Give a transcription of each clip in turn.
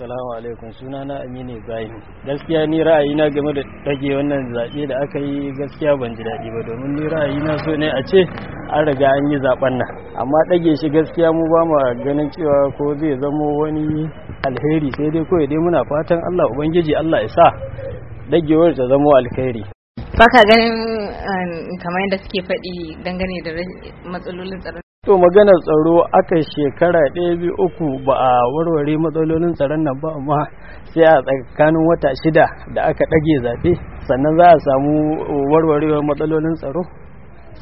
Salamu alaikum suna sunana Aminu Ibrahim. Gaskiya ni ra'ayi na game da ɗage wannan zaɓe da aka yi gaskiya ban ji daɗi ba domin ni ra'ayi na so ne a ce an riga an yi zaɓen nan. Amma ɗage shi gaskiya mu ba mu ganin cewa ko zai zamo wani alheri sai dai kawai dai muna fatan Allah Ubangiji Allah ya sa ɗagewar ta zamo alheri. Baka ganin um, kamar yadda suke faɗi dangane da matsalolin tsaron to maganar tsaro aka shekara ɗaya biyu uku ba a warware matsalolin tsaron nan ba amma sai a tsakanin wata shida da aka ɗage zaɓe sannan za a samu warwarewar matsalolin tsaro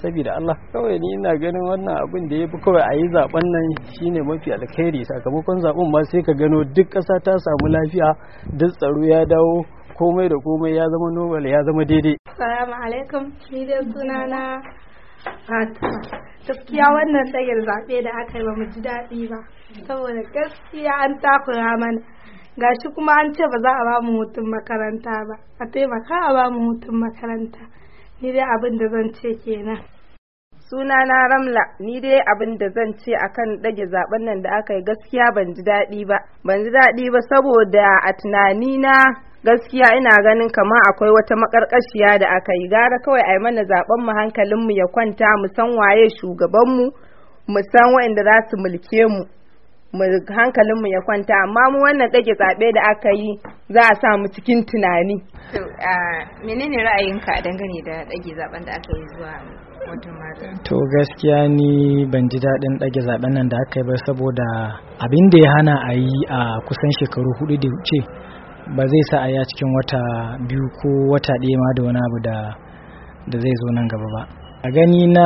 saboda Allah kawai ni ina ganin wannan abin da ya fi kawai a yi zaben nan shi ne mafi alkhairi sakamakon zaɓen ma sai ka gano duk ƙasa ta samu lafiya duk tsaro ya dawo komai da komai ya zama nobel ya zama daidai. Salamu alaikum, ni dai sunana Fatima. gaskiya wannan tsayin zaɓe da aka yi ba mu ji daɗi ba saboda gaskiya an takura mana gashi kuma an ce ba za a ba mu hutun makaranta ba a taimaka a ba mu hutun makaranta ni dai abin da zan ce kenan suna na ramla ni dai abin da zan ce akan ɗage zaɓen nan da aka yi gaskiya ban ji daɗi ba ban ji daɗi ba saboda a tunani na gaskiya ina ganin kama akwai wata makarkashiya da aka yi gara kawai a yi mana zaben mu hankalin mu ya kwanta mu san waye shugaban mu mu san waɗanda za su mulke mu mu hankalin ya kwanta amma mu wannan dage zabe da aka yi za a sa mu cikin tunani to menene ra'ayinka dangane da dage zaben da aka yi zuwa To gaskiya ni ban ji daɗin ɗage zaben nan da aka yi ba saboda abin da ya hana a yi a kusan shekaru hudu da wuce ba zai sa a ya cikin wata biyu ko wata ɗaya ma da wani abu da zai zo nan gaba ba a gani na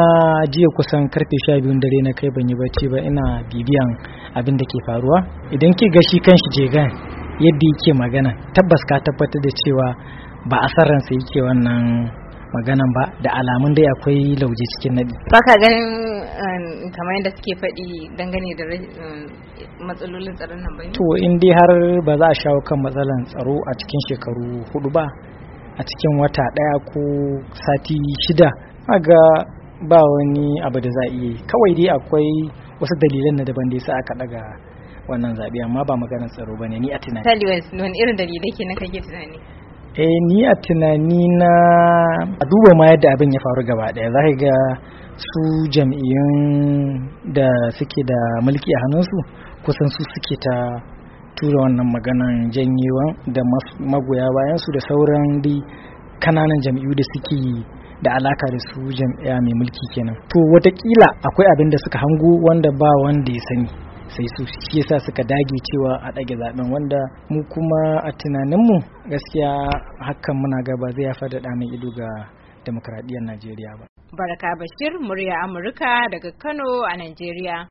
jiya kusan karfe sha biyu dare na kai ban yi bacci ba ina bibiyan abin da ke faruwa idan ki ga shi kanshi jegan yadda yake magana tabbas ka tabbatar da cewa ba a ransa yake wannan maganan ba da alamun dai akwai lauje cikin nadi ba ka ganin um, kamar yadda suke faɗi dangane da um, matsalolin tsaron nan ba to in dai har ba za a shawo kan matsalan tsaro a cikin shekaru hudu ba a cikin wata ɗaya ko sati shida ga ba wani abu da za a iya kawai dai akwai wasu dalilan na daban da yasa aka daga wannan zaɓe amma ba maganar tsaro ba ne ni a tunani. wani irin dalilai ke na ke tunani? eh ni a tunani na a duba ma yadda abin ya faru gaba daya za ga su jam'iyyun da suke da mulki a hannunsu kusan su suke ta tura wannan maganan janyewan da magoya bayansu da sauran di kananan jam'iyyu da suke da alaka da su jam'iyya mai mulki kenan to watakila akwai abin da suka hango wanda ba wanda ya sani sai su shi yasa suka dage cewa a ɗage zaben wanda mu kuma a tunaninmu gaskiya hakan muna ga ba zai haifar da ɗanin ido ga demokradiyyar Najeriya ba. Baraka Bashir, murya Amurka daga Kano a Najeriya.